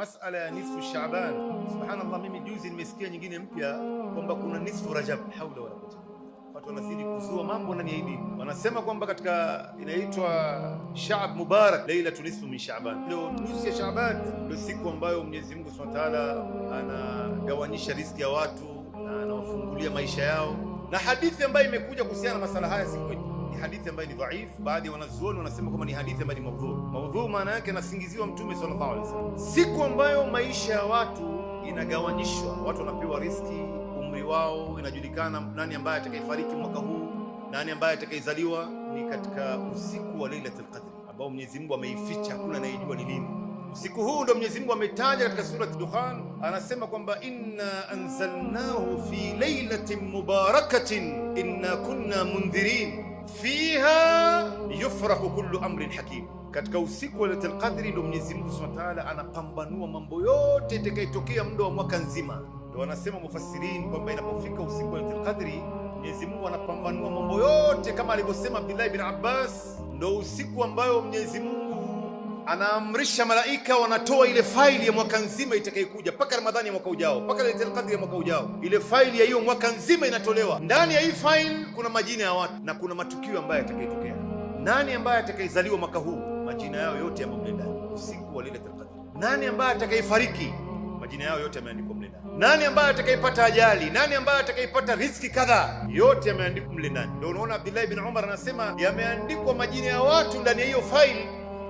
masala ya nisfu Shaaban, subhanallah, mimi juzi nimesikia nyingine mpya kwamba kuna nisfu Rajab. Haula wala quwwata, watu wanazidi kuzua mambo ndani ya dini. Wanasema kwamba katika inaitwa Shaab Mubarak, lailatu nisfu min Shaaban, ndio nusu ya Shaaban, ndio siku ambayo Mwenyezi Mungu Subhanahu wa Ta'ala anagawanyisha riziki ya watu na anawafungulia maisha yao, na hadithi ambayo imekuja kuhusiana na masala haya siku hadithi ambayo ni dhaifu. Baadhi ya wanazuoni wanasema kwamba ni hadithi ambayo ni maudhu. Maudhu maana yake anasingiziwa Mtume sallallahu alaihi wasallam. Siku ambayo maisha ya watu inagawanyishwa, watu wanapewa riski, umri wao inajulikana, nani ambaye atakayefariki mwaka huu, nani ambaye atakayezaliwa, ni katika usiku wa Lailatul Qadri ambao Mwenyezi Mungu ameificha, hakuna anayejua ni lini. Usiku huu ndio Mwenyezi Mungu ametaja katika surati Dukhan, anasema kwamba inna anzalnahu fi lailatin mubarakatin inna kunna mundhirin fiha yufraku kullu amrin hakim, katika usiku wa Lailatul Qadri ndio Mwenyezi Mungu Subhanahu wa Ta'ala anapambanua mambo yote itakayotokea muda wa mwaka nzima. Ndio wanasema mufassirin kwamba inapofika usiku wa Lailatul Qadri Mwenyezi Mungu anapambanua mambo yote kama alivyosema Abdullah bin Abbas, ndio usiku ambayo Mwenyezi Mungu anaamrisha malaika wanatoa ile faili ya mwaka nzima itakayokuja mpaka Ramadhani ya mwaka ujao, mpaka Lailatul ya mwaka ujao. Ile faili ya hiyo mwaka nzima inatolewa. Ndani ya hii faili kuna majina ya watu na kuna matukio ambayo yatakayotokea. Nani ambaye atakayezaliwa mwaka huu, majina yao yote yamo mle ndani, usiku wa Lailatul Qadr. Nani ambaye atakayefariki, majina yao yote yameandikwa mle ndani. Nani ambaye atakayepata ajali, nani ambaye atakayepata riziki kadhaa, yote yameandikwa mle ndani. Ndio unaona Abdullah ibn Umar anasema yameandikwa majina ya watu ndani ya hiyo faili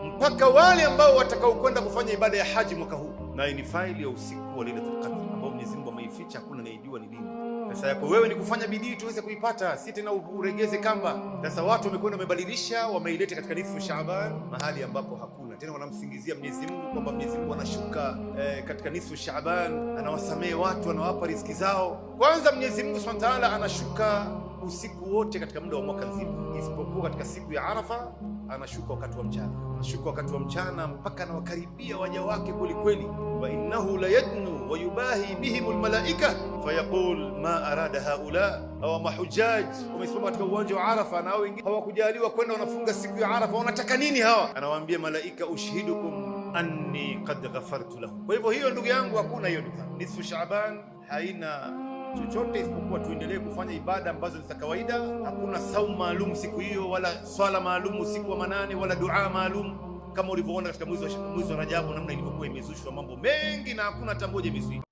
mpaka wale ambao watakaokwenda kufanya ibada ya haji mwaka huu, na ni faili ya usiku wa Lailatul Qadr ambao Mwenyezi Mungu ameificha, hakuna anayejua ni lini. Sasa yako wewe ni kufanya bidii tuweze kuipata, si tena uregeze kamba. Sasa watu wamekwenda wamebadilisha, wameileta katika nifu Shaaban mahali ambapo hakuna tena. Wanamsingizia Mwenyezi Mungu kwamba Mwenyezi Mungu anashuka eh, katika nisfu Shaaban anawasamehe watu, anawapa riziki zao. Kwanza Mwenyezi Mungu Subhanahu wa Ta'ala anashuka usiku wote katika muda wa mwaka mzima, isipokuwa katika siku ya Arafa anashuka wakati wa mchana, anashuka wakati wa mchana mpaka anawakaribia waja wake kwelikweli. wa innahu la yadnu wa yubahi bihim almalaika fayaqul ma arada haula au mahujaj. Wamesimama katika uwanja wa Arafa na wengine hawakujaliwa kwenda, wanafunga siku ya Arafa, wanataka nini hawa? Anawaambia malaika, ushhidukum anni qad ghafartu lahum. Kwa hivyo hiyo ndugu yangu, hakuna hiyo. Ndugu nisfu Shaaban haina chochote isipokuwa tuendelee kufanya ibada ambazo ni za kawaida. Hakuna saumu maalum siku hiyo wala swala maalum usiku wa manane wala duaa maalum kama ulivyoona katika mwezi wa Rajabu, namna ilivyokuwa imezushwa mambo mengi na hakuna hata moja imezuia.